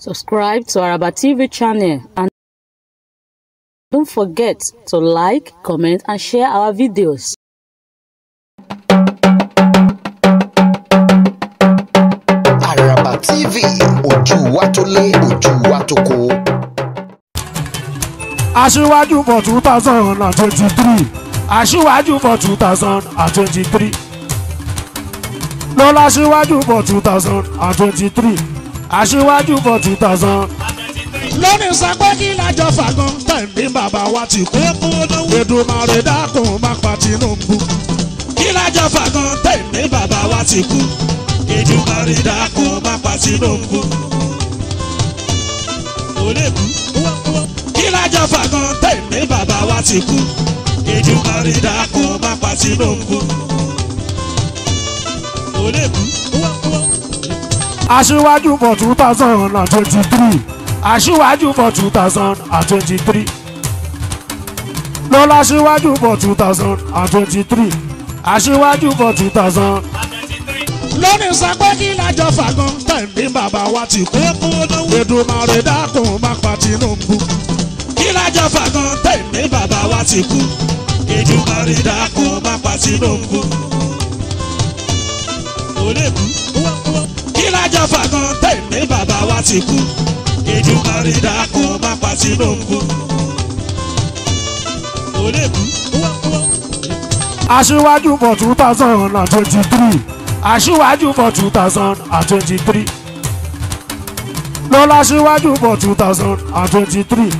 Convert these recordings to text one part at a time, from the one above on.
Subscribe to Araba TV channel and don't forget to like, comment and share our videos. Araba TV ojú Watole tó lé ojú for two thousand and twenty-three Aṣíwájú for two thousand and twenty-three Lọ́lá Aṣíwájú for two thousand and twenty-three aṣíwájú for two thousand. lórí sagbẹ́ kí lájọ fàgán tẹ̀mí bàbá wa ti kú Èdùmàrè dákun má pa Tinubu. kí lájọ fàgán tẹ̀mí bàbá wa ti kú Èdùmàrè dákun má pa Tinubu. kí lájọ fàgán tẹ̀mí bàbá wa ti kú Èdùmàrè dákun má pa Tinubu. olè aṣíwájú for two thousand and twenty three aṣíwájú for two thousand and twenty three lọ́lá aṣíwájú for two thousand and twenty three aṣíwájú for two thousand. lónìí sọpẹ́ kí lájọ fàgán tẹ̀mí bàbá wa ti kú Èdùmàrè dákun má pa Tinubu kí lájọ fàgán tẹ̀mí bàbá wa ti kú Èdùmàrè dákun má pa Tinubu. olè kú ìrajà fàgàn tèmi bàbá wa ti kú ìdúmọ̀rì dákun má pa Tinubu. aṣíwájú for two thousand and twenty three aṣíwájú for two thousand and twenty three lọ́lá aṣíwájú for two thousand and twenty three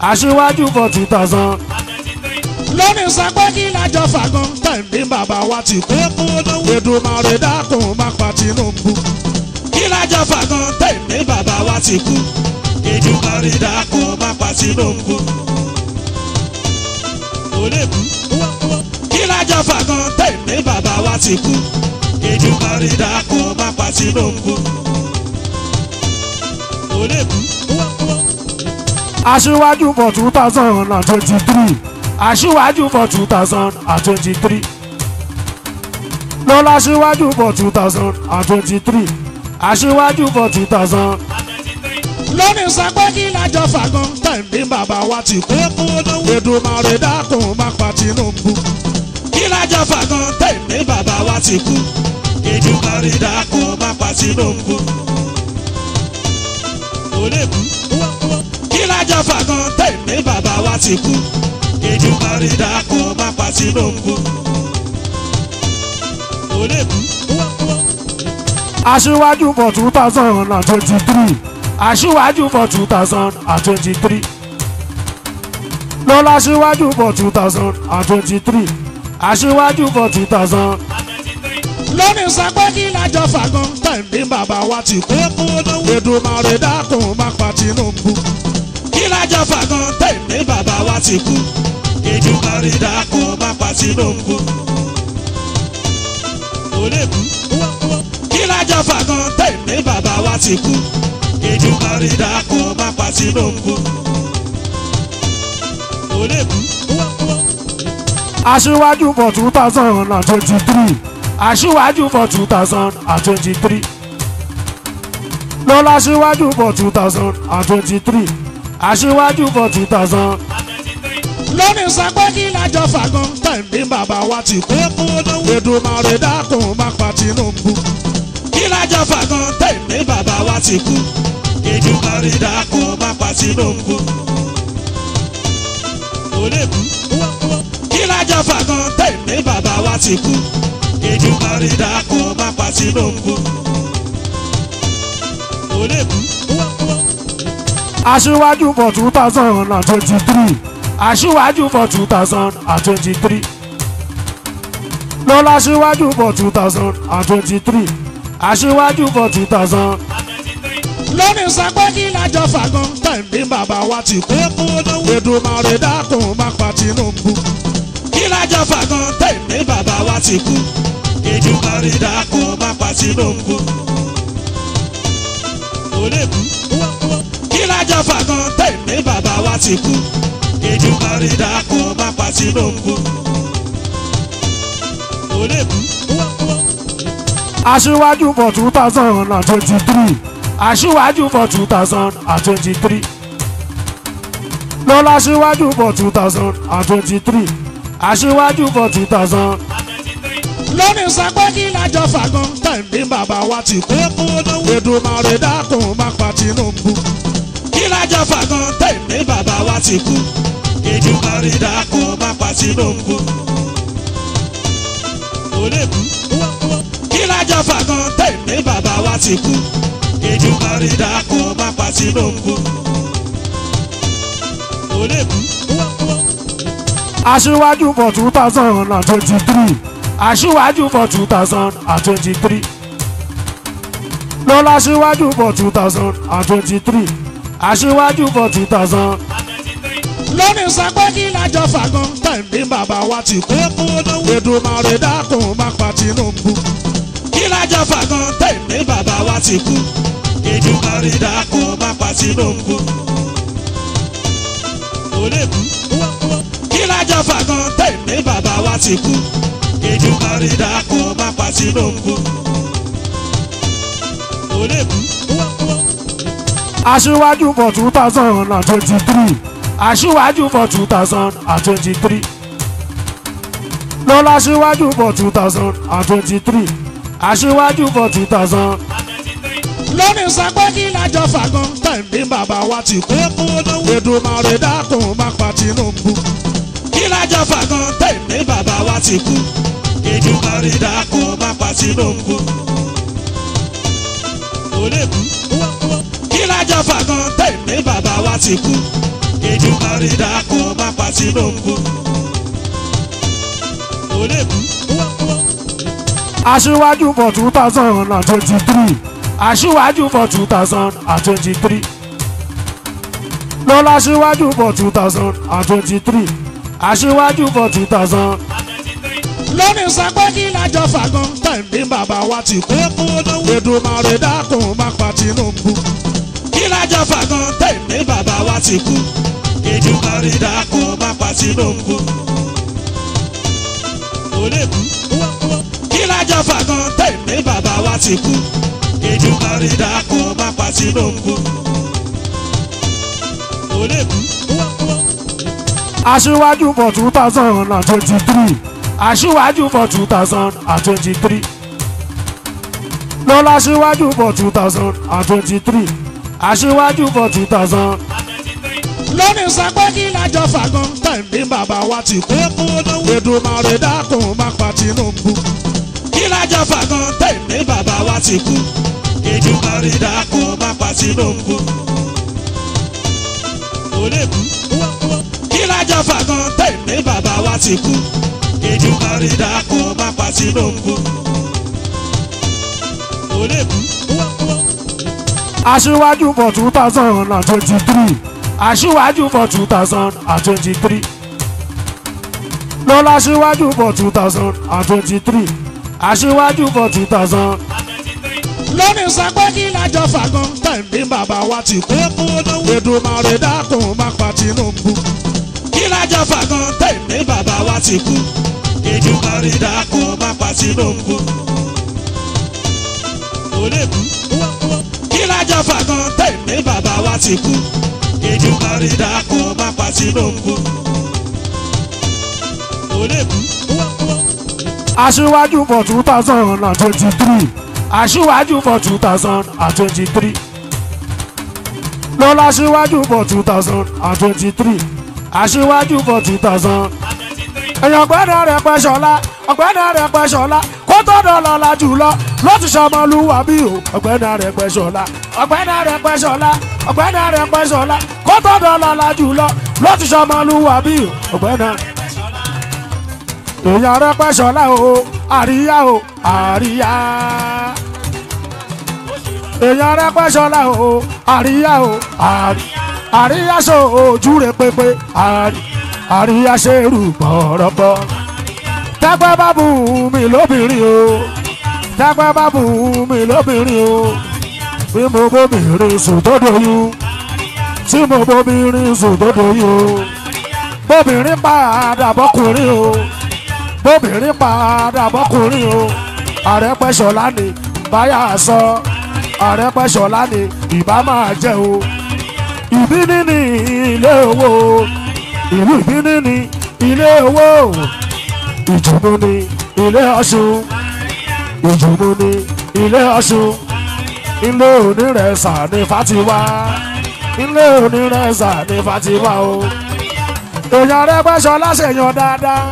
aṣíwájú for two thousand. lórí sago kí lájọ fàgàn tẹ̀mí bàbá wa ti kú. Èdùmàrè dákun má pa Tinubu kílájà fàgàn tẹ̀mí bàbá wa ti kú Èdùmàrè dákun má pa Tinubu. kílájà fàgàn tẹ̀mí bàbá wa ti kú Èdùmàrè dákun má pa Tinubu. aṣíwájú for two thousand and twenty three aṣíwájú for two thousand and twenty three lọ́lá aṣíwájú for two thousand and twenty three aṣíwájú for two thousand. lórí sagbẹ́kì lájọ fàgán tẹ̀mí bàbá wa ti kú Èdùmàrè dákun má pa Tinubu kí lájọ fàgán tẹ̀mí bàbá wa ti kú Èdùmàrè dákun má pa Tinubu. kí lájọ fàgán tẹ̀mí bàbá wa ti kú Èdùmàrè dákun má pa Tinubu. olè aṣíwájú for two thousand and twenty three aṣíwájú for two thousand and twenty three lọ́lá aṣíwájú for two thousand and twenty three aṣíwájú for two thousand. lónìí sagbẹ́ni lájọ fàgán tẹ̀mí bàbá wa ti kú Èdùmàrè dákun má pa Tinubu kí lájọ fàgán tẹ̀mí bàbá wa ti kú Èdùmàrè dákun má pa Tinubu ajáfà kan tèmi bàbá wa ti kú Èdùmàrè dákun má pa Tinubu. aṣíwájú for two thousand and twenty three aṣíwájú for two thousand and twenty three lọ́lá aṣíwájú for two thousand and twenty three aṣíwájú for two thousand. lórí sàgbẹ́kì lájọ fàgàn tẹ̀mí bàbá wa ti kú. Èdùmàrè dákun má pa Tinubu ajáfa kan tẹ̀mí bàbá wa ti kú Èdùmàrè dákun má pa Tinubu. kí lájáfa kan tẹ̀mí bàbá wa ti kú Èdùmàrè dákun má pa Tinubu. aṣíwájú for two thousand and twenty three aṣíwájú for two thousand and twenty three lọ́lá aṣíwájú for two thousand and twenty three aṣíwájú for two thousand. lórí sagbẹ́ni lájọ fàgán tẹ̀mí bàbá wa ti kú Èdùmàrè dákun má pa Tinubu kí lájọ fàgán tẹ̀mí bàbá wa ti kú Èdùmàrè dákun má pa Tinubu. kí lájọ fàgán tẹ̀mí bàbá wa ti kú Èdùmàrè dákun má pa Tinubu. olè kú aṣíwájú for two thousand and twenty three aṣíwájú for two thousand and twenty three lọ́lá aṣíwájú for two thousand and twenty three aṣíwájú for two thousand. lórí sagbẹ́ni lájọ fàgán tẹ̀mí bàbá wa ti kú Èdùmàrè dákun má pa Tinubu kí lájọ fàgán tẹ̀mí bàbá wa ti kú Èdùmàrè dákun má pa Tinubu. olè kú ajáfa kan tèmi bàbá wa ti kú Èdùmàrè dákun má pa Tinubu. aṣíwájú for two thousand and twenty three aṣíwájú for two thousand and twenty three lọ́lá aṣíwájú for two thousand and twenty three aṣíwájú for two thousand. lórí sagbẹ́kí lájọ fàgán tẹ̀mí bàbá wa ti kú kú lówó Èdùmàrè dákun má pa Tinubu kílájà fàgàn tẹ̀mí bàbá wa ti kú Èdùmàrè dákun má pa Tinubu. olébù kílájà fàgàn tẹ̀mí bàbá wa ti kú Èdùmàrè dákun má pa Tinubu. olébù. aṣíwájú for two thousand and twenty three aṣíwájú for two thousand and twenty three lọ́lá aṣíwájú for two thousand and twenty three aṣíwájú for two thousand. lórí sagbẹ́ni lájọ fàgán tẹ̀mí bàbá wa ti kú Èdùmàrè dákun má pa Tinubu kí lájọ fàgán tẹ̀mí bàbá wa ti kú Èdùmàrè dákun má pa Tinubu. kí lájọ fàgán tẹ̀mí bàbá wa ti kú Èdùmàrè dákun má pa Tinubu. olè aṣíwájú for two thousand and twenty three aṣíwájú for two thousand and twenty three lọ́lá aṣíwájú for two thousand and twenty three aṣíwájú for two thousand. lórí sagbẹ́ni lájọ fàgán tẹ̀mí bàbá wa ti kú Èdùmàrè dákun má pa Tinubu kí lájọ fàgán tẹ̀mí bàbá wa ti kú Èdùmàrè dákun má pa Tinubu. olè kú ajáfa kan tèmi bàbá wa ti kú Èdùmàrè dákun má pa Tinubu. aṣíwájú for two thousand and twenty three aṣíwájú for two thousand and twenty three lọ́lá aṣíwájú for two thousand and twenty three aṣíwájú for two thousand. lónìí sọpẹ́ kí lájọ fàgán tẹ̀mí bàbá wa ti kú. Èdùmàrè dákun má pa Tinubu ajáfa kan tẹ̀mí bàbá wa ti kú Èdùmàrè dákun má pa Tinubu. olébù kí lájáfa kan tẹ̀mí bàbá wa ti kú Èdùmàrè dákun má pa Tinubu. olébù. aṣíwájú for two thousand and twenty three aṣíwájú for two thousand and twenty three lọ́lá aṣíwájú for two thousand and twenty three aṣíwájú for two thousand. lórí sagbẹ́kì lájọ fàgán tẹ̀mí bàbá wa ti kú Èdùmàrè dákun má pa Tinubu. kí lájọ fàgán tẹ̀mí bàbá wa ti kú Èdùmàrè dákun má pa Tinubu. kí lájọ fàgán tẹ̀mí bàbá wa ti kú Èdùmàrè dákun má pa Tinubu. olè kú aṣíwájú for two thousand and twenty three aṣíwájú for two thousand and twenty three lọ́lá aṣíwájú for two thousand and twenty three aṣíwájú for two thousand. èèyàn gbọ́dọ̀ rẹ̀ pẹ́ ṣọlá ọ̀gbẹ́ni rẹ̀ pẹ́ ṣọlá kó tó dọ̀lọ́ la jùlọ ló ti ṣọmọlúwa bí o ọ̀gbẹ́ni rẹ̀ pẹ́ ṣọlá ọ̀gbẹ́ni rẹ̀ pẹ́ ṣọlá ọ̀gbẹ́ni rẹ̀ pẹ́ ṣọlá kó tó dọ̀lọ́ la jùlọ ló ti ṣọmọlúwa bí o ọ̀gbẹ́ni èyí arọ́pẹ́ ṣọlá o àríyá o àríyá èyí arọ́pẹ́ ṣọlá o àríyá o àríyá ṣe ojú rẹ pépé àríyá ṣe rú bọ̀rọ̀bọ̀ tẹ́gbẹ́ bá bù mí lóbìnrin o tẹ́gbẹ́ bá bù mí lóbìnrin o bí mo bóbìnrin sùn tó doyún tí mo bóbìnrin sùn tó doyún o bóbìnrin padà bọ́kùnrin o bóbìnrin padà bọ́kùnrin o àrẹ́pẹ́ṣọlá ni báyà sọ àrẹ́pẹ́ṣọlá ni ìbá máa jẹ́ o ìbíní ni ilé owó ìlú ìbíní ni ilé owó ìjùmọ̀ ni ilé ọ̀ṣun ìjùmọ̀ ni ilé ọ̀ṣun ilé onírẹ̀sà ni fatiwa ilé onírẹ̀sà ni fatiwa o èèyàn rẹ̀ pẹ́ṣọlá ṣèyàn dáadáa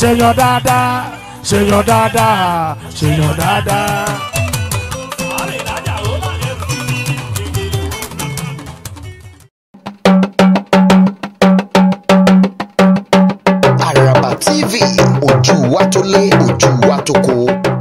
ṣèyàn dáadáa ṣèyàn dáadáa ṣèyàn dáadáa. Àràbà TV ojú wa tó lé ojú wa tó kó.